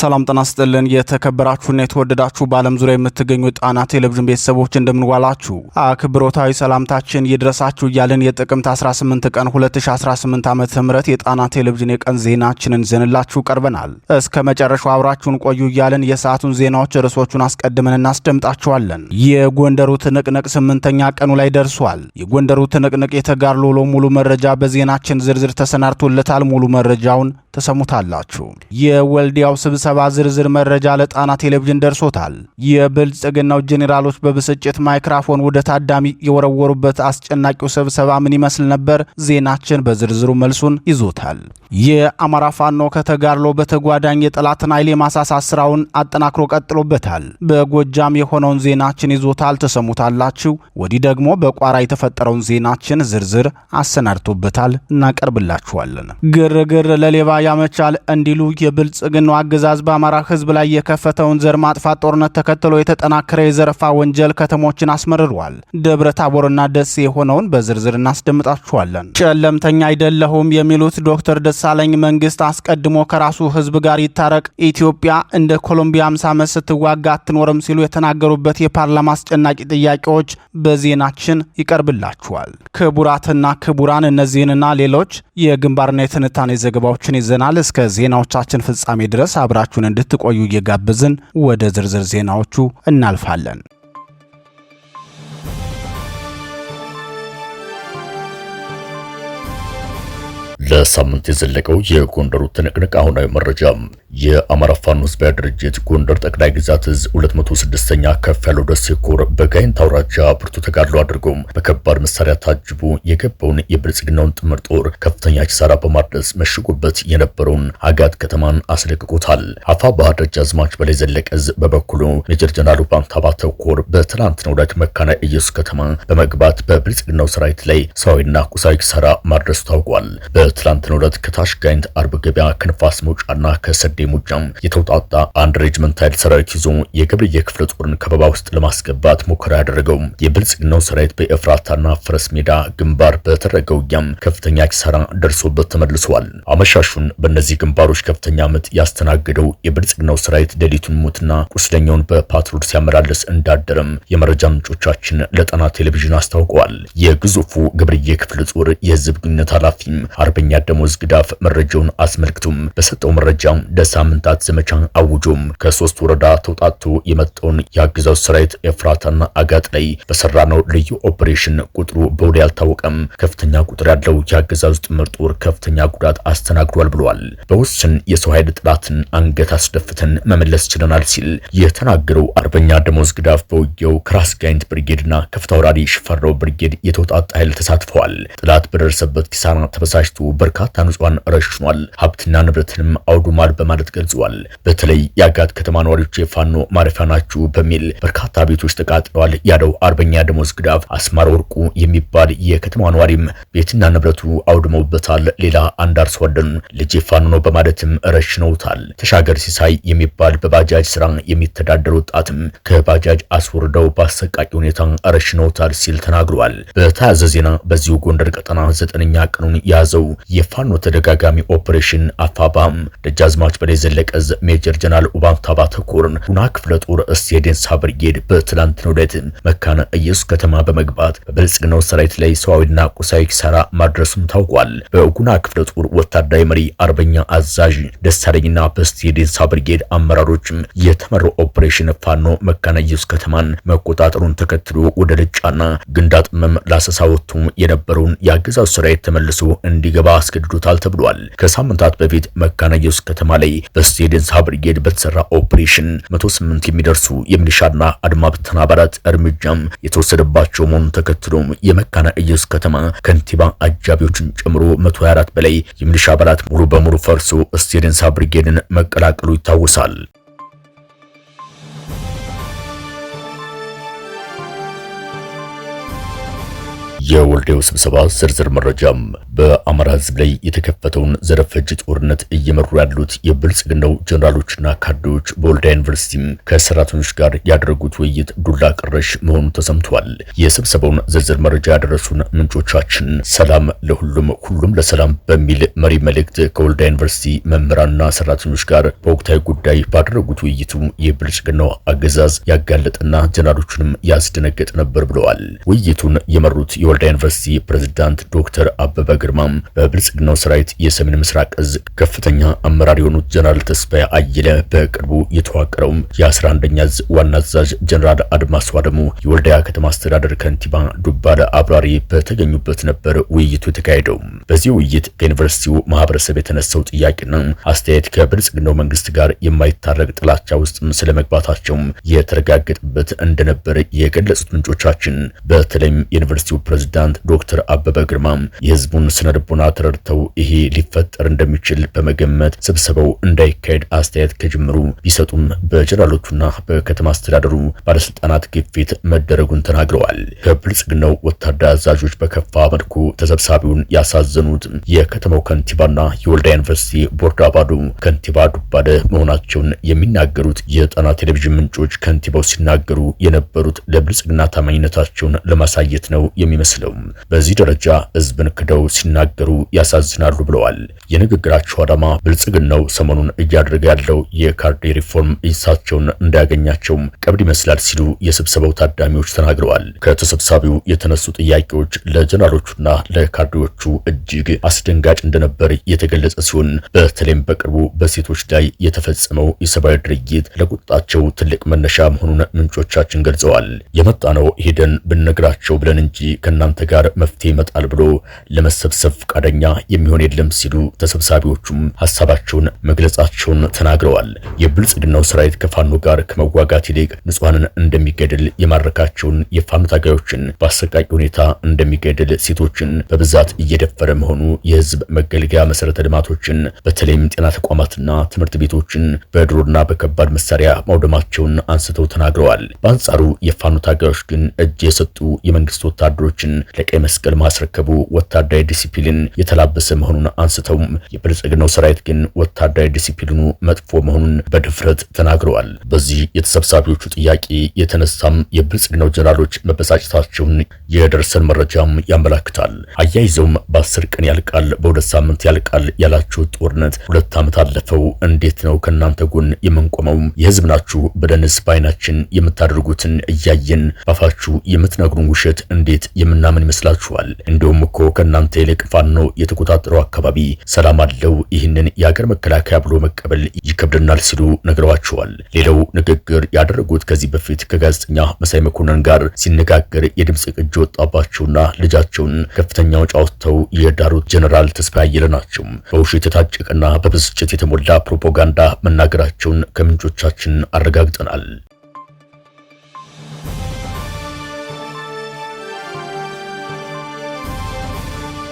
ሰላም ጤና ይስጥልን። የተከበራችሁና የተወደዳችሁ በዓለም ዙሪያ የምትገኙ ጣና ቴሌቪዥን ቤተሰቦች እንደምንዋላችሁ አክብሮታዊ ሰላምታችን ይድረሳችሁ እያልን የጥቅምት 18 ቀን 2018 ዓ ም የጣና ቴሌቪዥን የቀን ዜናችንን ዘንላችሁ ቀርበናል። እስከ መጨረሻው አብራችሁን ቆዩ እያልን የሰዓቱን ዜናዎች ርዕሶቹን አስቀድመን እናስደምጣችኋለን። የጎንደሩ ትንቅንቅ ስምንተኛ ቀኑ ላይ ደርሷል። የጎንደሩ ትንቅንቅ የተጋድሎ ውሎ ሙሉ መረጃ በዜናችን ዝርዝር ተሰናድቶለታል። ሙሉ መረጃውን ተሰሙታላችሁ። የወልዲያው ስብሰ ስብሰባ ዝርዝር መረጃ ለጣና ቴሌቪዥን ደርሶታል። የብልጽግናው ጄኔራሎች በብስጭት ማይክራፎን ወደ ታዳሚ የወረወሩበት አስጨናቂው ስብሰባ ምን ይመስል ነበር? ዜናችን በዝርዝሩ መልሱን ይዞታል። የአማራ ፋኖ ከተጋድሎ በተጓዳኝ የጠላትን ኃይል የማሳሳት ስራውን አጠናክሮ ቀጥሎበታል። በጎጃም የሆነውን ዜናችን ይዞታል፣ ተሰሙታላችሁ። ወዲህ ደግሞ በቋራ የተፈጠረውን ዜናችን ዝርዝር አሰናድቶበታል፣ እናቀርብላችኋለን። ግርግር ለሌባ ያመቻል እንዲሉ የብልጽግናው አገዛዝ አገዛዝ በአማራ ህዝብ ላይ የከፈተውን ዘር ማጥፋት ጦርነት ተከትሎ የተጠናከረ የዘረፋ ወንጀል ከተሞችን አስመርሯል። ደብረ ታቦርና ደሴ የሆነውን በዝርዝር እናስደምጣችኋለን። ጨለምተኛ አይደለሁም የሚሉት ዶክተር ደሳለኝ መንግስት አስቀድሞ ከራሱ ሕዝብ ጋር ይታረቅ፣ ኢትዮጵያ እንደ ኮሎምቢያ 50 ዓመት ስትዋጋ አትኖርም ሲሉ የተናገሩበት የፓርላማ አስጨናቂ ጥያቄዎች በዜናችን ይቀርብላችኋል። ክቡራትና ክቡራን እነዚህንና ሌሎች የግንባርና የትንታኔ ዘገባዎችን ይዘናል። እስከ ዜናዎቻችን ፍጻሜ ድረስ አብራችሁን እንድትቆዩ እየጋበዝን ወደ ዝርዝር ዜናዎቹ እናልፋለን። ለሳምንት የዘለቀው የጎንደሩ ትንቅንቅ አሁናዊ መረጃ የአማራ ፋኖ ሕዝባዊ ድርጅት ጎንደር ጠቅላይ ግዛት እዝ 206ኛ ከፍ ያለው ደሴ ኮር በጋይንት አውራጃ ብርቱ ተጋድሎ አድርጎ በከባድ መሳሪያ ታጅቦ የገባውን የብልጽግናውን ጥምር ጦር ከፍተኛ ኪሳራ በማድረስ መሽጎበት የነበረውን አጋት ከተማን አስለቅቆታል። አፋ ባህር ደጃዝማች በላይ ዘለቀ እዝ በበኩሉ ሜጀር ጀነራሉ ባንታባተ ኮር በትላንትናው ዕለት መካነ ኢየሱስ ከተማ በመግባት በብልጽግናው ሰራዊት ላይ ሰዋዊና ቁሳዊ ኪሳራ ማድረሱ ታውቋል። በትላንትናው ዕለት ከታች ጋይንት አርብ ገበያ ከንፋስ መውጫና ከሰዴ ሙጫ የተውጣጣ አንድ ሬጅመንት ኃይል ሰራዊት ይዞ የገብርዬ ክፍለ ጦርን ከበባ ውስጥ ለማስገባት ሙከራ ያደረገው የብልጽግናው ሰራዊት በኤፍራታና ፈረስ ሜዳ ግንባር በተረገው ውጊያም ከፍተኛ ኪሳራ ደርሶበት ተመልሷል። አመሻሹን በእነዚህ ግንባሮች ከፍተኛ ምት ያስተናገደው የብልጽግናው ሰራዊት ሌሊቱን ሙትና ቁስለኛውን በፓትሮል ሲያመላልስ እንዳደረም የመረጃ ምንጮቻችን ለጣና ቴሌቪዥን አስታውቀዋል። የግዙፉ ገብርዬ ክፍለ ጦር የህዝብ ግንኙነት ኃላፊም አርበኛ ደሞዝ ግዳፍ መረጃውን አስመልክቶም በሰጠው መረጃ የሳምንታት ዘመቻ አውጆም ከሶስት ወረዳ ተውጣቶ የመጣውን የአገዛዙ ሰራዊት ኤፍራታና አጋጥ ላይ በሰራነው ልዩ ኦፕሬሽን ቁጥሩ በውል ያልታወቀም ከፍተኛ ቁጥር ያለው የአገዛዙ ጥምር ጦር ከፍተኛ ጉዳት አስተናግዷል ብለዋል። በውስን የሰው ኃይል ጥላትን አንገት አስደፍተን መመለስ ችለናል ሲል የተናገረው አርበኛ ደሞዝ ግዳፍ በውጊያው ከራስ ጋይንት ብርጌድና ከፍታውራሪ ሽፈራው ብርጌድ የተውጣጣ ኃይል ተሳትፈዋል። ጥላት በደረሰበት ኪሳራ ተበሳጭቶ በርካታ ንጹሃን ረሽኗል፣ ሀብትና ንብረትንም አውዱማል በማለት በማለት ገልጸዋል። በተለይ የአጋት ከተማ ነዋሪዎች የፋኖ ማረፊያ ናችሁ በሚል በርካታ ቤቶች ተቃጥለዋል ያለው አርበኛ ደሞዝ ግዳፍ አስማር ወርቁ የሚባል የከተማ ነዋሪም ቤትና ንብረቱ አውድመውበታል። ሌላ አንድ አርሶ አደሩን ልጅ ፋኖ ነው በማለትም ረሽነውታል። ተሻገር ሲሳይ የሚባል በባጃጅ ስራ የሚተዳደር ወጣትም ከባጃጅ አስወርደው በአሰቃቂ ሁኔታ ረሽነውታል ሲል ተናግሯል። በተያያዘ ዜና በዚሁ ጎንደር ቀጠና ዘጠነኛ ቀኑን የያዘው የፋኖ ተደጋጋሚ ኦፕሬሽን አፋባም ደጃዝማች ብሬ ዘለቀዝ ሜጀር ጀነራል ታባ ተኮርን ጉና ክፍለ ጦር እስቴዴንሳ ብርጌድ በትላንትናው ዕለት መካነ ኢየሱስ ከተማ በመግባት በብልጽግናው ሰራዊት ላይ ሰዋዊና ቁሳዊ ኪሳራ ማድረሱም ታውቋል። በጉና ክፍለ ጦር ወታደራዊ መሪ አርበኛ አዛዥ ደሳለኝና በስቴዴንሳ ብርጌድ አመራሮችም የተመራው ኦፕሬሽን ፋኖ መካነ ኢየሱስ ከተማን መቆጣጠሩን ተከትሎ ወደ ልጫና ግንዳጥመም ላሰሳ ወጥቶ የነበረውን የአገዛዙ ሰራዊት ተመልሶ እንዲገባ አስገድዶታል ተብሏል። ከሳምንታት በፊት መካነ ኢየሱስ ከተማ ላይ በስቴደንስ ብርጌድ በተሰራ ኦፕሬሽን 108 የሚደርሱ የሚሊሻና አድማ ብተና አባላት እርምጃም የተወሰደባቸው መሆኑን ተከትሎም የመካነ ኢየሱስ ከተማ ከንቲባ አጃቢዎችን ጨምሮ 124 በላይ የሚሊሻ አባላት ሙሉ በሙሉ ፈርሶ ስቴደንስ ብርጌድን መቀላቀሉ ይታወሳል። የወልዲያው ስብሰባ ዝርዝር መረጃም በአማራ ህዝብ ላይ የተከፈተውን ዘረፈጅ ጦርነት እየመሩ ያሉት የብልጽግናው ጀኔራሎችና ካድሬዎች በወልዲያ ዩኒቨርሲቲም ከሰራተኞች ጋር ያደረጉት ውይይት ዱላ ቅረሽ መሆኑ ተሰምቷል። የስብሰባውን ዝርዝር መረጃ ያደረሱን ምንጮቻችን ሰላም ለሁሉም ሁሉም ለሰላም በሚል መሪ መልእክት ከወልዲያ ዩኒቨርሲቲ መምህራንና ሰራተኞች ጋር በወቅታዊ ጉዳይ ባደረጉት ውይይቱ የብልጽግናው አገዛዝ ያጋለጠና ጀኔራሎቹንም ያስደነገጠ ነበር ብለዋል። ውይይቱን የመሩት የወልዳ ዩኒቨርሲቲ ፕሬዝዳንት ዶክተር አበበ ግርማ በብልጽግናው ሰራዊት የሰሜን ምስራቅ እዝ ከፍተኛ አመራር የሆኑት ጀነራል ተስፋዬ አየለ በቅርቡ የተዋቀረውም የ11ኛ እዝ ዋና አዛዥ ጀነራል አድማስዋ አደሙ፣ የወልዳያ ከተማ አስተዳደር ከንቲባ ዱባለ አብራሪ በተገኙበት ነበር ውይይቱ የተካሄደው። በዚህ ውይይት ከዩኒቨርሲቲው ማህበረሰብ የተነሳው ጥያቄና አስተያየት ከብልጽግናው መንግስት ጋር የማይታረቅ ጥላቻ ውስጥም ስለመግባታቸው የተረጋገጠበት እንደነበር የገለጹት ምንጮቻችን በተለይም የዩኒቨርሲቲው ፕሬዝዳንት ፕሬዝዳንት ዶክተር አበበ ግርማም የህዝቡን ልቦና ተረድተው ይሄ ሊፈጠር እንደሚችል በመገመት ስብሰባው እንዳይካሄድ አስተያየት ከጅምሩ ቢሰጡም በጀነራሎቹና በከተማ አስተዳደሩ ባለስልጣናት ግፊት መደረጉን ተናግረዋል። ከብልጽግናው ወታደር አዛዦች በከፋ መልኩ ተሰብሳቢውን ያሳዘኑት የከተማው ከንቲባና የወልዳ ዩኒቨርሲቲ ቦርድ አባሉ ከንቲባ ዱባደ መሆናቸውን የሚናገሩት የጣና ቴሌቪዥን ምንጮች ከንቲባው ሲናገሩ የነበሩት ለብልጽግና ታማኝነታቸውን ለማሳየት ነው የሚመስል አይመስልም። በዚህ ደረጃ ህዝብን ክደው ሲናገሩ ያሳዝናሉ ብለዋል። የንግግራቸው ዓላማ ብልጽግናው ሰሞኑን እያደረገ ያለው የካርዴ ሪፎርም እሳቸውን እንዳያገኛቸውም ቀብድ ይመስላል ሲሉ የስብሰባው ታዳሚዎች ተናግረዋል። ከተሰብሳቢው የተነሱ ጥያቄዎች ለጀነራሎቹና ለካርዴዎቹ እጅግ አስደንጋጭ እንደነበር የተገለጸ ሲሆን በተለይም በቅርቡ በሴቶች ላይ የተፈጸመው የሰብአዊ ድርጊት ለቁጣቸው ትልቅ መነሻ መሆኑን ምንጮቻችን ገልጸዋል። የመጣ ነው ሄደን ብንነግራቸው ብለን እንጂ ከና ከእናንተ ጋር መፍትሄ ይመጣል ብሎ ለመሰብሰብ ፈቃደኛ የሚሆን የለም ሲሉ ተሰብሳቢዎቹም ሀሳባቸውን መግለጻቸውን ተናግረዋል። የብልጽግናው ሰራዊት ከፋኖ ጋር ከመዋጋት ይልቅ ንጹሐንን እንደሚገድል፣ የማረካቸውን የፋኖ ታጋዮችን በአሰቃቂ ሁኔታ እንደሚገድል፣ ሴቶችን በብዛት እየደፈረ መሆኑ፣ የህዝብ መገልገያ መሰረተ ልማቶችን በተለይም ጤና ተቋማትና ትምህርት ቤቶችን በድሮና በከባድ መሳሪያ ማውደማቸውን አንስተው ተናግረዋል። በአንጻሩ የፋኖ ታጋዮች ግን እጅ የሰጡ የመንግስት ወታደሮችን ለቀይ መስቀል ማስረከቡ ወታደራዊ ዲሲፕሊን የተላበሰ መሆኑን አንስተውም የብልጽግናው ሰራዊት ግን ወታደራዊ ዲሲፕሊኑ መጥፎ መሆኑን በድፍረት ተናግረዋል። በዚህ የተሰብሳቢዎቹ ጥያቄ የተነሳም የብልጽግናው ጀነራሎች መበሳጨታቸውን የደርሰን መረጃም ያመላክታል። አያይዘውም በአስር ቀን ያልቃል፣ በሁለት ሳምንት ያልቃል ያላችሁት ጦርነት ሁለት ዓመት አለፈው። እንዴት ነው ከእናንተ ጎን የምንቆመው? የህዝብ ናችሁ ብለንስ በአይናችን የምታደርጉትን እያየን ባፋችሁ የምትነግሩን ውሸት እንዴት የምና እና ምን ይመስላችኋል? እንደውም እኮ ከእናንተ ይልቅ ፋኖ የተቆጣጠረው አካባቢ ሰላም አለው፣ ይህንን የአገር መከላከያ ብሎ መቀበል ይከብድናል ሲሉ ነግረዋቸዋል። ሌላው ንግግር ያደረጉት ከዚህ በፊት ከጋዜጠኛ መሳይ መኮንን ጋር ሲነጋገር የድምፅ ቅጅ ወጣባቸውና ልጃቸውን ከፍተኛ ወጪ አውጥተው የዳሩት ጀነራል ተስፋ አየለ ናቸው። በውሸት የታጨቀና በብስጭት የተሞላ ፕሮፓጋንዳ መናገራቸውን ከምንጮቻችን አረጋግጠናል።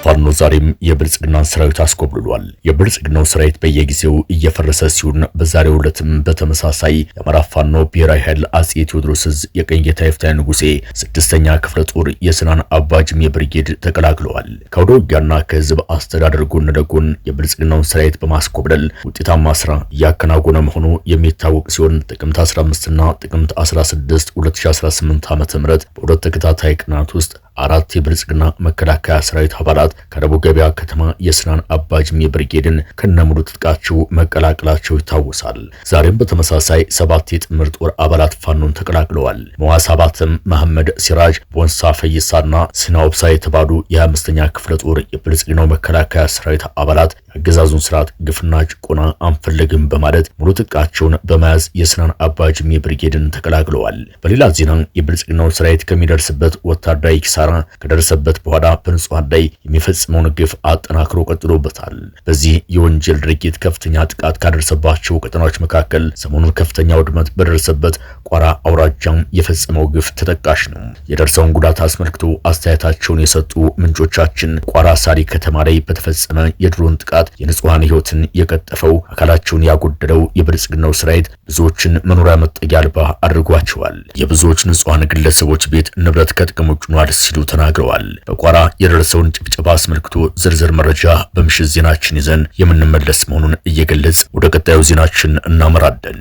ፋኖ ዛሬም የብልጽግናን ሰራዊት አስኮብልሏል። የብልጽግናው ሰራዊት በየጊዜው እየፈረሰ ሲሆን በዛሬው ዕለትም በተመሳሳይ የአማራ ፋኖ ብሔራዊ ኃይል አጼ ቴዎድሮስ ዕዝ የቀኝ ጌታ የፍታዊ ንጉሴ ስድስተኛ ክፍለ ጦር የስናን አባጅም የብርጌድ ተቀላቅለዋል። ከወደ ውጊያና ከህዝብ አስተዳደር ጎን ለጎን የብልጽግናውን ሰራዊት በማስኮብለል ውጤታማ ስራ እያከናወነ መሆኑ የሚታወቅ ሲሆን ጥቅምት 15 እና ጥቅምት 16 2018 ዓ.ም በሁለት ተከታታይ ቀናት ውስጥ አራት የብልጽግና መከላከያ ሰራዊት አባላት ከደቡብ ገበያ ከተማ የስናን አባጅሜ ብርጌድን ከነሙሉ ትጥቃቸው መቀላቀላቸው ይታወሳል። ዛሬም በተመሳሳይ ሰባት የጥምር ጦር አባላት ፋኖን ተቀላቅለዋል። መዋሳባትም መሐመድ ሲራጅ፣ ቦንሳ ፈይሳና ሲናውብሳ የተባሉ የአምስተኛ ክፍለ ጦር የብልጽግናው መከላከያ ሰራዊት አባላት አገዛዙን ስርዓት ግፍና ጭቆና አንፈልግም በማለት ሙሉ ትጥቃቸውን በመያዝ የስናን አባጅሜ ጅሜ ብርጌድን ተቀላቅለዋል። በሌላ ዜና የብልጽግናውን ሰራዊት ከሚደርስበት ወታደራዊ ኪሳራ ከደረሰበት በኋላ በንጹሐን ላይ የሚፈጽመውን ግፍ አጠናክሮ ቀጥሎበታል። በዚህ የወንጀል ድርጊት ከፍተኛ ጥቃት ካደረሰባቸው ቀጠናዎች መካከል ሰሞኑን ከፍተኛ ውድመት በደረሰበት ቋራ አውራጃም የፈጸመው ግፍ ተጠቃሽ ነው። የደርሰውን ጉዳት አስመልክቶ አስተያየታቸውን የሰጡ ምንጮቻችን ቋራ ሳሪ ከተማ ላይ በተፈጸመ የድሮን ጥቃት ጥፋት የንጹሐን ህይወትን የቀጠፈው አካላቸውን ያጎደለው የብልጽግናው ሰራዊት ብዙዎችን መኖሪያ መጠጊያ አልባ አድርጓቸዋል። የብዙዎች ንጹሐን ግለሰቦች ቤት ንብረት ከጥቅም ውጭ ሆኗል ሲሉ ተናግረዋል። በቋራ የደረሰውን ጭብጨባ አስመልክቶ ዝርዝር መረጃ በምሽት ዜናችን ይዘን የምንመለስ መሆኑን እየገለጽ ወደ ቀጣዩ ዜናችን እናመራለን።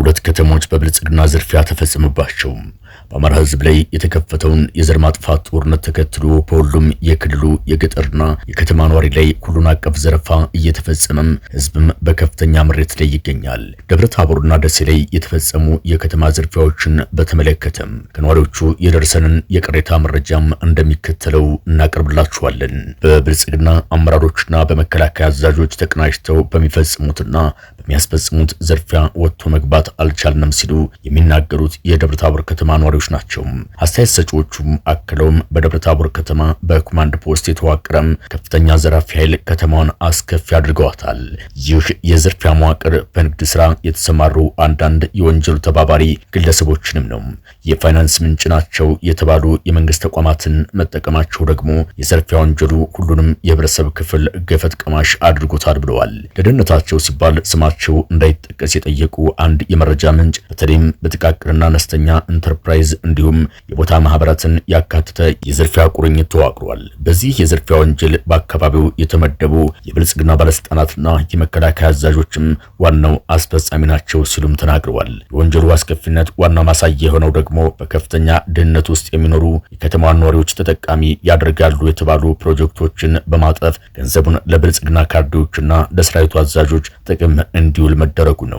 ሁለት ከተሞች በብልጽግና ዝርፊያ ተፈጸመባቸው። በአማራ ህዝብ ላይ የተከፈተውን የዘር ማጥፋት ጦርነት ተከትሎ በሁሉም የክልሉ የገጠርና የከተማ ነዋሪ ላይ ሁሉን አቀፍ ዘረፋ እየተፈጸመም ህዝብም በከፍተኛ ምሬት ላይ ይገኛል። ደብረ ታቦርና ደሴ ላይ የተፈጸሙ የከተማ ዝርፊያዎችን በተመለከተም ከነዋሪዎቹ የደርሰንን የቅሬታ መረጃም እንደሚከተለው እናቀርብላችኋለን። በብልጽግና አመራሮችና በመከላከያ አዛዦች ተቀናጅተው በሚፈጽሙትና በሚያስፈጽሙት ዘርፊያ ወጥቶ መግባት አልቻልንም ሲሉ የሚናገሩት የደብረ ታቦር ከተማ ነዋሪ ነዋሪዎች ናቸው። አስተያየት ሰጪዎቹም አክለውም በደብረታቦር ከተማ በኮማንድ ፖስት የተዋቀረም ከፍተኛ ዘራፊ ኃይል ከተማዋን አስከፊ አድርገዋታል። ይህ የዝርፊያ መዋቅር በንግድ ስራ የተሰማሩ አንዳንድ የወንጀሉ ተባባሪ ግለሰቦችንም ነው የፋይናንስ ምንጭ ናቸው የተባሉ የመንግስት ተቋማትን መጠቀማቸው ደግሞ የዘርፊያ ወንጀሉ ሁሉንም የህብረተሰብ ክፍል ገፈት ቀማሽ አድርጎታል ብለዋል። ለደህንነታቸው ሲባል ስማቸው እንዳይጠቀስ የጠየቁ አንድ የመረጃ ምንጭ በተለይም በጥቃቅንና አነስተኛ ኢንተርፕራይዝ እንዲይዝ እንዲሁም የቦታ ማህበራትን ያካተተ የዝርፊያ ቁርኝት ተዋቅሯል። በዚህ የዝርፊያ ወንጀል በአካባቢው የተመደቡ የብልጽግና ባለስልጣናትና የመከላከያ አዛዦችም ዋናው አስፈጻሚ ናቸው ሲሉም ተናግረዋል። የወንጀሉ አስከፊነት ዋና ማሳያ የሆነው ደግሞ በከፍተኛ ድህነት ውስጥ የሚኖሩ የከተማ ነዋሪዎች ተጠቃሚ ያደርጋሉ የተባሉ ፕሮጀክቶችን በማጥረፍ ገንዘቡን ለብልጽግና ካድሬዎችና ለሰራዊቱ አዛዦች ጥቅም እንዲውል መደረጉ ነው።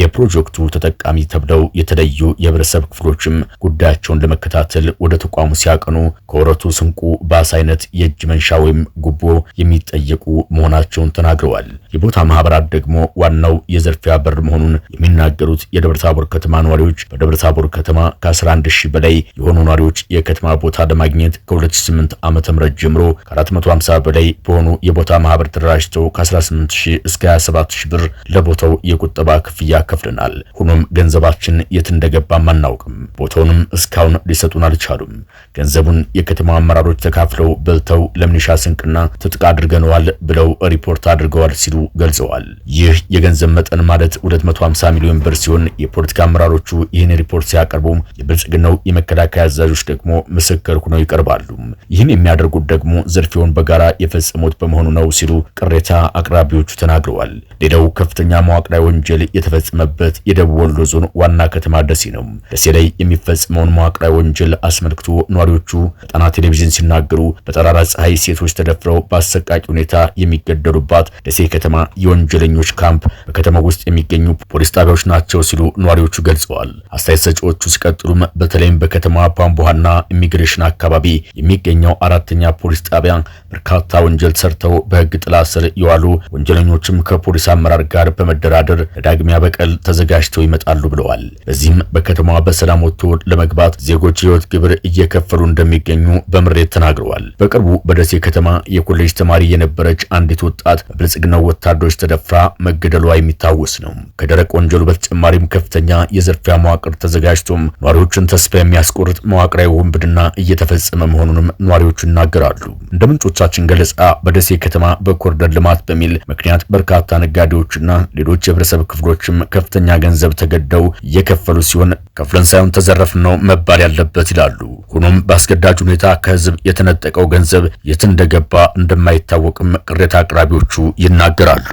የፕሮጀክቱ ተጠቃሚ ተብለው የተለዩ የህብረተሰብ ክፍሎችም ጉ ጉዳያቸውን ለመከታተል ወደ ተቋሙ ሲያቀኑ ከወረቱ ስንቁ ባስ አይነት የእጅ መንሻ ወይም ጉቦ የሚጠየቁ መሆናቸውን ተናግረዋል። የቦታ ማህበራት ደግሞ ዋናው የዘርፊያ በር መሆኑን የሚናገሩት የደብረታቦር ከተማ ነዋሪዎች በደብረታቦር ከተማ ከ11 ሺህ በላይ የሆኑ ነዋሪዎች የከተማ ቦታ ለማግኘት ከ2008 ዓ.ም ጀምሮ ከ450 በላይ በሆኑ የቦታ ማህበር ተደራጅተው ከ18 ሺህ እስከ 27 ሺህ ብር ለቦታው የቁጠባ ክፍያ ከፍለናል። ሆኖም ገንዘባችን የት እንደገባም አናውቅም ቦታውንም እስካሁን ሊሰጡን አልቻሉም። ገንዘቡን የከተማ አመራሮች ተካፍለው በልተው ለምንሻ ስንቅና ትጥቅ አድርገነዋል ብለው ሪፖርት አድርገዋል ሲሉ ገልጸዋል። ይህ የገንዘብ መጠን ማለት 250 ሚሊዮን ብር ሲሆን የፖለቲካ አመራሮቹ ይህን ሪፖርት ሲያቀርቡ የብልጽግናው የመከላከያ አዛዦች ደግሞ ምስክር ሆነው ይቀርባሉ። ይህን የሚያደርጉት ደግሞ ዝርፊያውን በጋራ የፈጸሙት በመሆኑ ነው ሲሉ ቅሬታ አቅራቢዎቹ ተናግረዋል። ሌላው ከፍተኛ መዋቅራዊ ወንጀል የተፈጸመበት የደቡብ ወሎ ዞን ዋና ከተማ ደሴ ነው። ደሴ ላይ የሚፈጸም የተፈጸመውን መዋቅራዊ ወንጀል አስመልክቶ ነዋሪዎቹ በጣና ቴሌቪዥን ሲናገሩ በጠራራ ፀሐይ ሴቶች ተደፍረው በአሰቃቂ ሁኔታ የሚገደሉባት ደሴ ከተማ የወንጀለኞች ካምፕ በከተማው ውስጥ የሚገኙ ፖሊስ ጣቢያዎች ናቸው ሲሉ ነዋሪዎቹ ገልጸዋል። አስተያየት ሰጪዎቹ ሲቀጥሉም በተለይም በከተማ ፓምቦሃና ኢሚግሬሽን አካባቢ የሚገኘው አራተኛ ፖሊስ ጣቢያ በርካታ ወንጀል ሰርተው በህግ ጥላ ስር የዋሉ ወንጀለኞችም ከፖሊስ አመራር ጋር በመደራደር ለዳግሚያ በቀል ተዘጋጅተው ይመጣሉ ብለዋል። በዚህም በከተማዋ በሰላም ወጥቶ ለመግባት ዜጎች ህይወት ግብር እየከፈሉ እንደሚገኙ በምሬት ተናግረዋል። በቅርቡ በደሴ ከተማ የኮሌጅ ተማሪ የነበረች አንዲት ወጣት በብልጽግናው ወታደሮች ተደፍራ መገደሏ የሚታወስ ነው። ከደረቅ ወንጀሉ በተጨማሪም ከፍተኛ የዘርፊያ መዋቅር ተዘጋጅቶም ነዋሪዎችን ተስፋ የሚያስቆርጥ መዋቅራዊ ውንብድና እየተፈጸመ መሆኑንም ነዋሪዎቹ ይናገራሉ። እንደ ምንጮቻችን ገለጻ በደሴ ከተማ በኮሪደር ልማት በሚል ምክንያት በርካታ ነጋዴዎችና ሌሎች የህብረተሰብ ክፍሎችም ከፍተኛ ገንዘብ ተገደው እየከፈሉ ሲሆን ከፍለን ሳይሆን ተዘረፍን ነው መባል ያለበት ይላሉ። ሆኖም በአስገዳጅ ሁኔታ ከህዝብ የተነጠቀው ገንዘብ የት እንደገባ እንደማይታወቅም ቅሬታ አቅራቢዎቹ ይናገራሉ።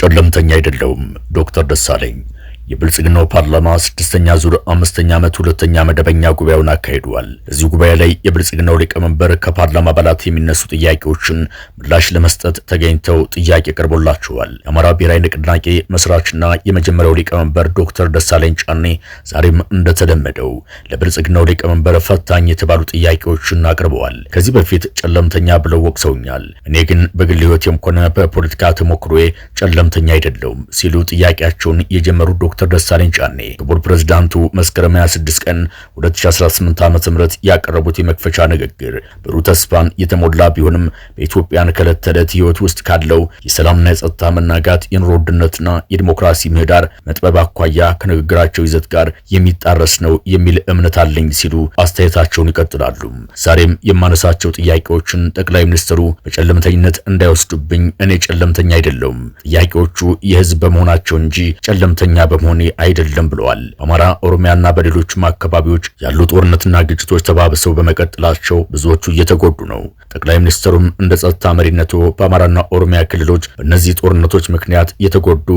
ጨለምተኛ አይደለውም ዶክተር ደሳለኝ የብልጽግናው ፓርላማ ስድስተኛ ዙር አምስተኛ ዓመት ሁለተኛ መደበኛ ጉባኤውን አካሂዷል። በዚህ ጉባኤ ላይ የብልጽግናው ሊቀመንበር ከፓርላማ አባላት የሚነሱ ጥያቄዎችን ምላሽ ለመስጠት ተገኝተው ጥያቄ ቀርቦላቸዋል። የአማራ ብሔራዊ ንቅናቄ መስራችና የመጀመሪያው ሊቀመንበር ዶክተር ደሳለኝ ጫኔ ዛሬም እንደተለመደው ለብልጽግናው ሊቀመንበር ፈታኝ የተባሉ ጥያቄዎችን አቅርበዋል። ከዚህ በፊት ጨለምተኛ ብለው ወቅሰውኛል። እኔ ግን በግል ሕይወቴም ሆነ በፖለቲካ ተሞክሮዬ ጨለምተኛ አይደለውም ሲሉ ጥያቄያቸውን የጀመሩ ዶክተር ዶክተር ደሳለኝ ጫኔ ክቡር ፕሬዝዳንቱ መስከረም 26 ቀን 2018 ዓ.ም ያቀረቡት የመክፈቻ ንግግር ብሩህ ተስፋን የተሞላ ቢሆንም በኢትዮጵያን ከዕለት ተዕለት ህይወት ውስጥ ካለው የሰላምና የጸጥታ መናጋት፣ የኑሮ ውድነትና የዲሞክራሲ ምህዳር መጥበብ አኳያ ከንግግራቸው ይዘት ጋር የሚጣረስ ነው የሚል እምነት አለኝ ሲሉ አስተያየታቸውን ይቀጥላሉ። ዛሬም የማነሳቸው ጥያቄዎችን ጠቅላይ ሚኒስትሩ በጨለምተኝነት እንዳይወስዱብኝ፣ እኔ ጨለምተኛ አይደለሁም። ጥያቄዎቹ የህዝብ በመሆናቸው እንጂ ጨለምተኛ በመሆኔ አይደለም ብለዋል። በአማራ ኦሮሚያና በሌሎችም አካባቢዎች ያሉ ጦርነትና ግጭቶች ተባብሰው በመቀጠላቸው ብዙዎቹ እየተጎዱ ነው። ጠቅላይ ሚኒስትሩም እንደ ጸጥታ መሪነቱ በአማራና ኦሮሚያ ክልሎች በእነዚህ ጦርነቶች ምክንያት የተጎዱ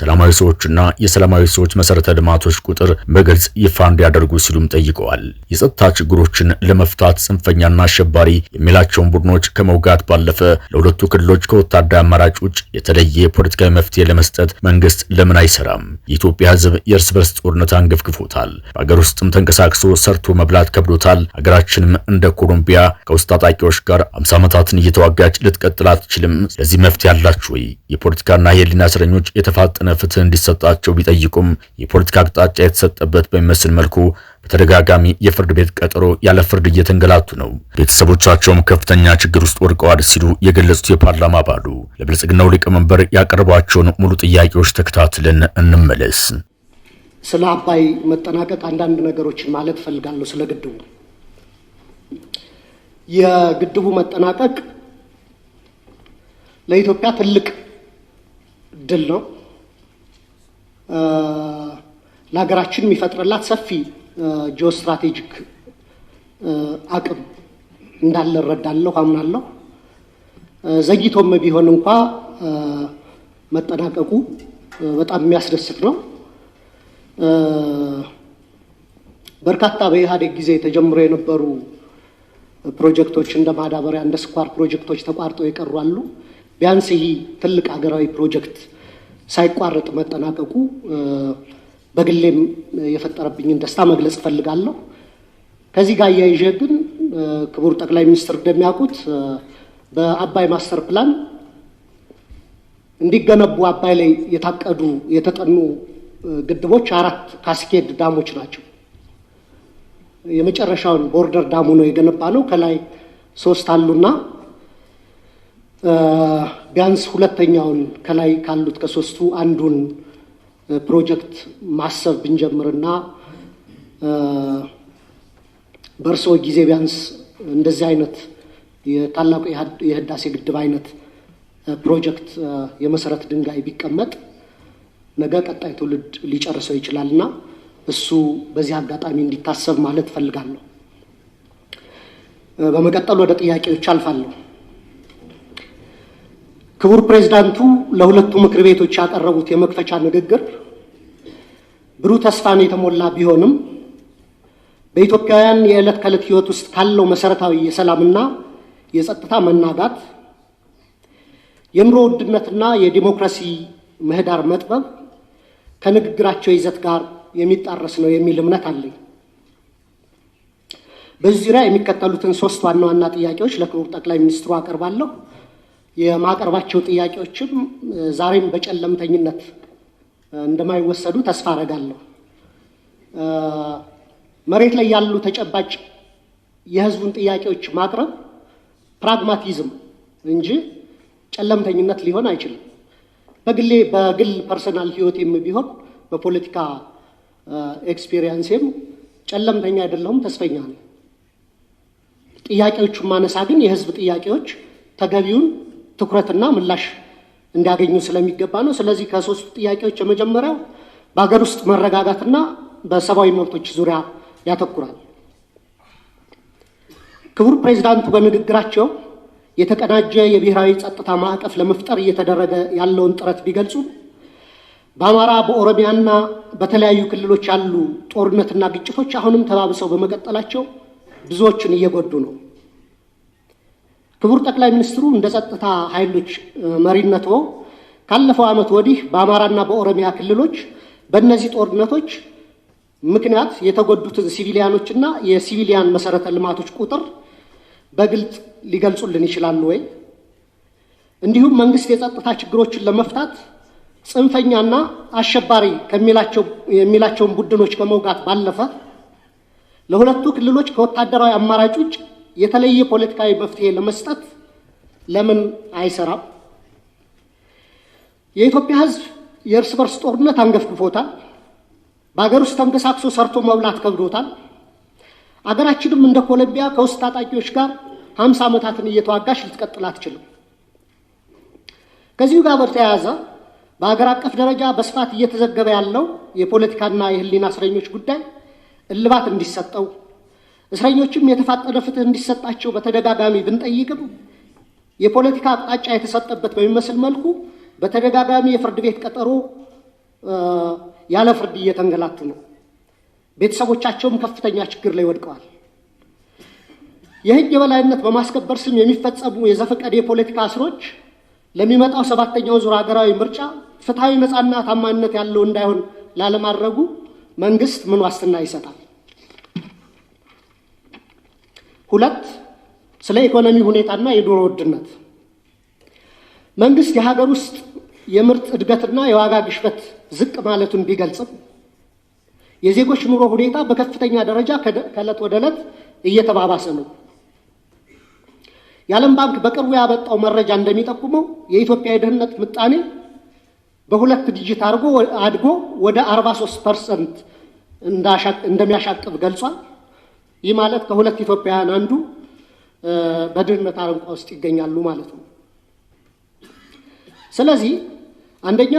ሰላማዊ ሰዎችና የሰላማዊ ሰዎች መሰረተ ልማቶች ቁጥር በግልጽ ይፋ እንዲያደርጉ ሲሉም ጠይቀዋል። የጸጥታ ችግሮችን ለመፍታት ጽንፈኛና አሸባሪ የሚላቸውን ቡድኖች ከመውጋት ባለፈ ለሁለቱ ክልሎች ከወታደራዊ አማራጭ ውጭ የተለየ ፖለቲካዊ መፍትሄ ለመስጠት መንግስት ለምን አይሰራም? የኢትዮጵያ ህዝብ የእርስ በርስ ጦርነት አንገፍግፎታል። በአገር ውስጥም ተንቀሳቅሶ ሰርቶ መብላት ከብዶታል። አገራችንም እንደ ኮሎምቢያ ከውስጥ ታጣቂዎች ጋር አምሳ ዓመታትን እየተዋጋች ልትቀጥል አትችልም። ስለዚህ መፍትሄ ያላችሁ ወይ? የፖለቲካና የህሊና እስረኞች የተፋጠነ ፍትህ እንዲሰጣቸው ቢጠይቁም የፖለቲካ አቅጣጫ የተሰጠበት በሚመስል መልኩ በተደጋጋሚ የፍርድ ቤት ቀጠሮ ያለ ፍርድ እየተንገላቱ ነው። ቤተሰቦቻቸውም ከፍተኛ ችግር ውስጥ ወድቀዋል ሲሉ የገለጹት የፓርላማ አባሉ ለብልጽግናው ሊቀመንበር ያቀረቧቸውን ሙሉ ጥያቄዎች ተከታትለን እንመለስ። ስለ አባይ መጠናቀቅ አንዳንድ ነገሮችን ማለት እፈልጋለሁ። ስለ ግድቡ የግድቡ መጠናቀቅ ለኢትዮጵያ ትልቅ ድል ነው። ለሀገራችን የሚፈጥርላት ሰፊ ጂኦስትራቴጂክ አቅም እንዳለ እረዳለሁ፣ አምናለሁ። ዘግይቶም ቢሆን እንኳ መጠናቀቁ በጣም የሚያስደስት ነው። በርካታ በኢህአዴግ ጊዜ ተጀምሮ የነበሩ ፕሮጀክቶች እንደ ማዳበሪያ፣ እንደ ስኳር ፕሮጀክቶች ተቋርጠው የቀሩ አሉ። ቢያንስ ይህ ትልቅ ሀገራዊ ፕሮጀክት ሳይቋረጥ መጠናቀቁ በግሌም የፈጠረብኝን ደስታ መግለጽ እፈልጋለሁ። ከዚህ ጋር እያይዤ ግን ክቡር ጠቅላይ ሚኒስትር እንደሚያውቁት በአባይ ማስተር ፕላን እንዲገነቡ አባይ ላይ የታቀዱ የተጠኑ ግድቦች አራት ካስኬድ ዳሞች ናቸው። የመጨረሻውን ቦርደር ዳሙ ነው የገነባ ነው። ከላይ ሶስት አሉና ቢያንስ ሁለተኛውን ከላይ ካሉት ከሶስቱ አንዱን ፕሮጀክት ማሰብ ብንጀምርና በእርስዎ ጊዜ ቢያንስ እንደዚህ አይነት የታላቁ የህዳሴ ግድብ አይነት ፕሮጀክት የመሰረት ድንጋይ ቢቀመጥ ነገ ቀጣይ ትውልድ ሊጨርሰው ይችላል እና እሱ በዚህ አጋጣሚ እንዲታሰብ ማለት እፈልጋለሁ። በመቀጠል ወደ ጥያቄዎች አልፋለሁ። ክቡር ፕሬዝዳንቱ ለሁለቱ ምክር ቤቶች ያቀረቡት የመክፈቻ ንግግር ብሩህ ተስፋን የተሞላ ቢሆንም በኢትዮጵያውያን የዕለት ከዕለት ሕይወት ውስጥ ካለው መሰረታዊ የሰላምና የጸጥታ መናጋት፣ የኑሮ ውድነትና የዲሞክራሲ ምህዳር መጥበብ ከንግግራቸው ይዘት ጋር የሚጣረስ ነው የሚል እምነት አለኝ። በዚህ ዙሪያ የሚከተሉትን ሶስት ዋና ዋና ጥያቄዎች ለክቡር ጠቅላይ ሚኒስትሩ አቀርባለሁ። የማቀርባቸው ጥያቄዎችም ዛሬም በጨለምተኝነት እንደማይወሰዱ ተስፋ አረጋለሁ። መሬት ላይ ያሉ ተጨባጭ የህዝቡን ጥያቄዎች ማቅረብ ፕራግማቲዝም እንጂ ጨለምተኝነት ሊሆን አይችልም። በግሌ በግል ፐርሰናል ህይወቴም ቢሆን በፖለቲካ ኤክስፔሪየንሴም ጨለምተኛ አይደለሁም፣ ተስፈኛ ነው። ጥያቄዎቹን ማነሳ ግን የህዝብ ጥያቄዎች ተገቢውን ትኩረትና ምላሽ እንዲያገኙ ስለሚገባ ነው። ስለዚህ ከሶስቱ ጥያቄዎች የመጀመሪያው በሀገር ውስጥ መረጋጋትና በሰብአዊ መብቶች ዙሪያ ያተኩራል። ክቡር ፕሬዚዳንቱ በንግግራቸው የተቀናጀ የብሔራዊ ጸጥታ ማዕቀፍ ለመፍጠር እየተደረገ ያለውን ጥረት ቢገልጹ በአማራ በኦሮሚያና በተለያዩ ክልሎች ያሉ ጦርነትና ግጭቶች አሁንም ተባብሰው በመቀጠላቸው ብዙዎችን እየጎዱ ነው። ክቡር ጠቅላይ ሚኒስትሩ እንደ ጸጥታ ኃይሎች መሪነቶ ካለፈው ዓመት ወዲህ በአማራና በኦሮሚያ ክልሎች በእነዚህ ጦርነቶች ምክንያት የተጎዱትን ሲቪሊያኖችና የሲቪሊያን መሰረተ ልማቶች ቁጥር በግልጽ ሊገልጹልን ይችላሉ ወይ? እንዲሁም መንግስት የጸጥታ ችግሮችን ለመፍታት ጽንፈኛና አሸባሪ የሚላቸውን ቡድኖች ከመውጋት ባለፈ ለሁለቱ ክልሎች ከወታደራዊ አማራጭ ውጭ የተለየ ፖለቲካዊ መፍትሄ ለመስጠት ለምን አይሰራም? የኢትዮጵያ ሕዝብ የእርስ በርስ ጦርነት አንገፍግፎታል። በሀገር ውስጥ ተንቀሳቅሶ ሰርቶ መብላት ከብዶታል። አገራችንም እንደ ኮሎምቢያ ከውስጥ ታጣቂዎች ጋር ሀምሳ ዓመታትን እየተዋጋች ልትቀጥል አትችልም። ከዚሁ ጋር በተያያዘ በሀገር አቀፍ ደረጃ በስፋት እየተዘገበ ያለው የፖለቲካና የህሊና እስረኞች ጉዳይ እልባት እንዲሰጠው እስረኞችም የተፋጠነ ፍትህ እንዲሰጣቸው በተደጋጋሚ ብንጠይቅም የፖለቲካ አቅጣጫ የተሰጠበት በሚመስል መልኩ በተደጋጋሚ የፍርድ ቤት ቀጠሮ ያለ ፍርድ እየተንገላቱ ነው። ቤተሰቦቻቸውም ከፍተኛ ችግር ላይ ወድቀዋል። የህግ የበላይነት በማስከበር ስም የሚፈጸሙ የዘፈቀድ የፖለቲካ እስሮች ለሚመጣው ሰባተኛው ዙር ሀገራዊ ምርጫ ፍትሐዊ ነፃና ታማኝነት ያለው እንዳይሆን ላለማድረጉ መንግስት ምን ዋስትና ይሰጣል? ሁለት ስለ ኢኮኖሚ ሁኔታና የኑሮ ውድነት መንግስት የሀገር ውስጥ የምርት እድገትና የዋጋ ግሽበት ዝቅ ማለቱን ቢገልጽም የዜጎች ኑሮ ሁኔታ በከፍተኛ ደረጃ ከእለት ወደ ዕለት እየተባባሰ ነው። የዓለም ባንክ በቅርቡ ያበጣው መረጃ እንደሚጠቁመው የኢትዮጵያ የድህነት ምጣኔ በሁለት ዲጂት አድጎ ወደ 43 ፐርሰንት እንደሚያሻቅብ ገልጿል። ይህ ማለት ከሁለት ኢትዮጵያውያን አንዱ በድህነት አረንቋ ውስጥ ይገኛሉ ማለት ነው። ስለዚህ አንደኛ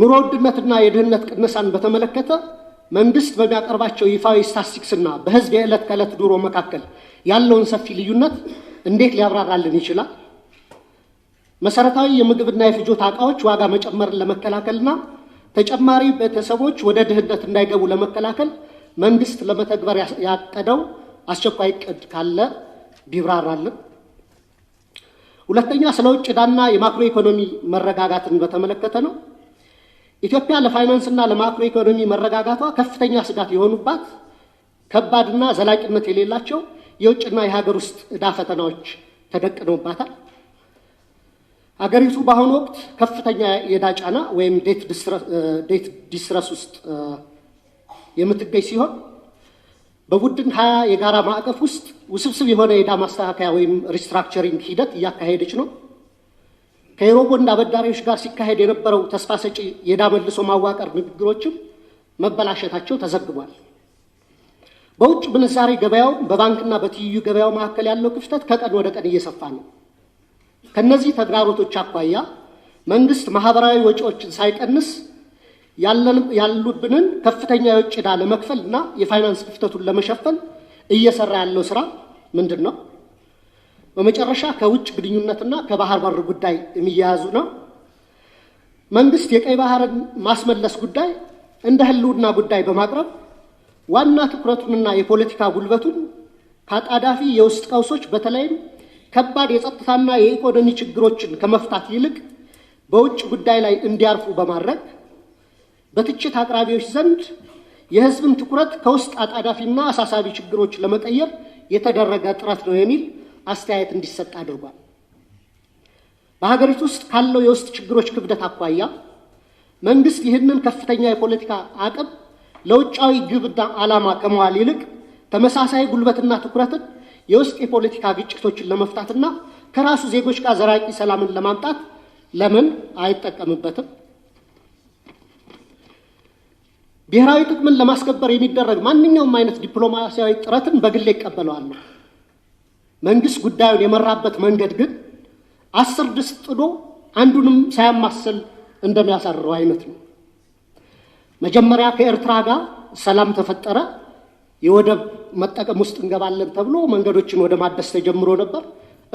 ኑሮ ውድነትና የድህነት ቅነሳን በተመለከተ መንግስት በሚያቀርባቸው ይፋዊ ስታስቲክስና በህዝብ የዕለት ከዕለት ዱሮ መካከል ያለውን ሰፊ ልዩነት እንዴት ሊያብራራልን ይችላል? መሰረታዊ የምግብና የፍጆታ እቃዎች ዋጋ መጨመርን ለመከላከልና ተጨማሪ ቤተሰቦች ወደ ድህነት እንዳይገቡ ለመከላከል መንግስት ለመተግበር ያቀደው አስቸኳይ እቅድ ካለ ቢብራራልን። ሁለተኛ ስለ ውጭ ዕዳና የማክሮ ኢኮኖሚ መረጋጋትን በተመለከተ ነው። ኢትዮጵያ ለፋይናንስና ለማክሮ ኢኮኖሚ መረጋጋቷ ከፍተኛ ስጋት የሆኑባት ከባድና ዘላቂነት የሌላቸው የውጭና የሀገር ውስጥ ዕዳ ፈተናዎች ተደቅኖባታል። ሀገሪቱ በአሁኑ ወቅት ከፍተኛ የዕዳ ጫና ወይም ዴት ዲስትረስ ውስጥ የምትገኝ ሲሆን በቡድን ሀያ የጋራ ማዕቀፍ ውስጥ ውስብስብ የሆነ የዳ ማስተካከያ ወይም ሪስትራክቸሪንግ ሂደት እያካሄደች ነው። ከዩሮቦንድ አበዳሪዎች ጋር ሲካሄድ የነበረው ተስፋ ሰጪ የዳ መልሶ ማዋቀር ንግግሮችም መበላሸታቸው ተዘግቧል። በውጭ ምንዛሬ ገበያው በባንክና በትይዩ ገበያው መካከል ያለው ክፍተት ከቀን ወደ ቀን እየሰፋ ነው። ከእነዚህ ተግዳሮቶች አኳያ መንግስት ማህበራዊ ወጪዎችን ሳይቀንስ ያሉብንን ከፍተኛ የውጭ ዕዳ ለመክፈል እና የፋይናንስ ክፍተቱን ለመሸፈን እየሰራ ያለው ስራ ምንድን ነው? በመጨረሻ ከውጭ ግንኙነትና ከባህር በር ጉዳይ የሚያያዙ ነው። መንግስት የቀይ ባህርን ማስመለስ ጉዳይ እንደ ህልውና ጉዳይ በማቅረብ ዋና ትኩረቱንና የፖለቲካ ጉልበቱን ከአጣዳፊ የውስጥ ቀውሶች በተለይም ከባድ የጸጥታና የኢኮኖሚ ችግሮችን ከመፍታት ይልቅ በውጭ ጉዳይ ላይ እንዲያርፉ በማድረግ በትችት አቅራቢዎች ዘንድ የህዝብን ትኩረት ከውስጥ አጣዳፊና አሳሳቢ ችግሮች ለመቀየር የተደረገ ጥረት ነው የሚል አስተያየት እንዲሰጥ አድርጓል። በሀገሪቱ ውስጥ ካለው የውስጥ ችግሮች ክብደት አኳያ መንግስት ይህንን ከፍተኛ የፖለቲካ አቅም ለውጫዊ ግብና ዓላማ ከመዋል ይልቅ ተመሳሳይ ጉልበትና ትኩረትን የውስጥ የፖለቲካ ግጭቶችን ለመፍታትና ከራሱ ዜጎች ጋር ዘራቂ ሰላምን ለማምጣት ለምን አይጠቀምበትም? ብሔራዊ ጥቅምን ለማስከበር የሚደረግ ማንኛውም አይነት ዲፕሎማሲያዊ ጥረትን በግል ይቀበለዋለሁ። መንግስት ጉዳዩን የመራበት መንገድ ግን አስር ድስት ጥዶ አንዱንም ሳያማስል እንደሚያሳርረው አይነት ነው። መጀመሪያ ከኤርትራ ጋር ሰላም ተፈጠረ፣ የወደብ መጠቀም ውስጥ እንገባለን ተብሎ መንገዶችን ወደ ማደስ ተጀምሮ ነበር።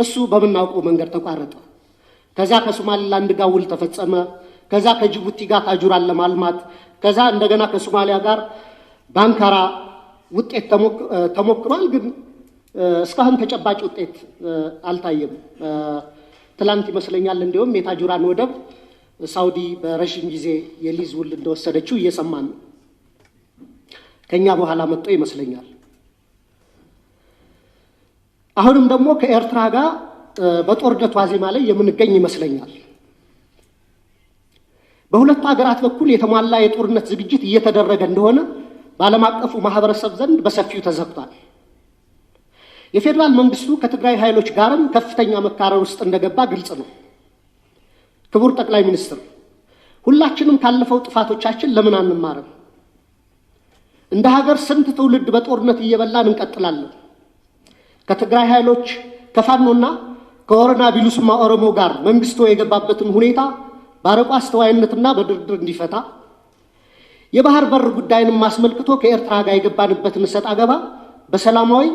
እሱ በምናውቀው መንገድ ተቋረጠ። ከዚያ ከሶማሊላንድ ጋር ውል ተፈጸመ። ከዛ ከጅቡቲ ጋር ታጁራን ለማልማት ከዛ እንደገና ከሶማሊያ ጋር በአንካራ ውጤት ተሞክሯል፣ ግን እስካሁን ተጨባጭ ውጤት አልታየም። ትላንት ይመስለኛል እንዲሁም የታጁራን ወደብ ሳውዲ በረዥም ጊዜ የሊዝ ውል እንደወሰደችው እየሰማን ነው። ከእኛ በኋላ መጥቶ ይመስለኛል። አሁንም ደግሞ ከኤርትራ ጋር በጦርነት ዋዜማ ላይ የምንገኝ ይመስለኛል። በሁለቱ ሀገራት በኩል የተሟላ የጦርነት ዝግጅት እየተደረገ እንደሆነ በዓለም አቀፉ ማህበረሰብ ዘንድ በሰፊው ተዘግቷል። የፌዴራል መንግስቱ ከትግራይ ኃይሎች ጋርም ከፍተኛ መካረር ውስጥ እንደገባ ግልጽ ነው። ክቡር ጠቅላይ ሚኒስትር፣ ሁላችንም ካለፈው ጥፋቶቻችን ለምን አንማርም? እንደ ሀገር ስንት ትውልድ በጦርነት እየበላን እንቀጥላለን? ከትግራይ ኃይሎች ከፋኖና ከወረና ቢሉስማ ኦሮሞ ጋር መንግስቶ የገባበትን ሁኔታ በአርቆ አስተዋይነትና በድርድር እንዲፈታ የባህር በር ጉዳይንም አስመልክቶ ከኤርትራ ጋር የገባንበትን እሰጥ አገባ በሰላማዊ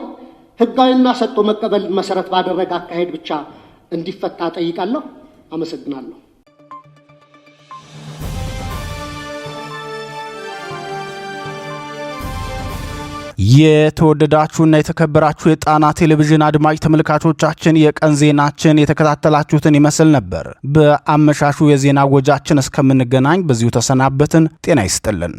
ህጋዊና ሰጥቶ መቀበል መሰረት ባደረገ አካሄድ ብቻ እንዲፈታ ጠይቃለሁ። አመሰግናለሁ። የተወደዳችሁና የተከበራችሁ የጣና ቴሌቪዥን አድማጭ ተመልካቾቻችን የቀን ዜናችን የተከታተላችሁትን ይመስል ነበር። በአመሻሹ የዜና ጎጃችን እስከምንገናኝ በዚሁ ተሰናበትን። ጤና ይስጥልን።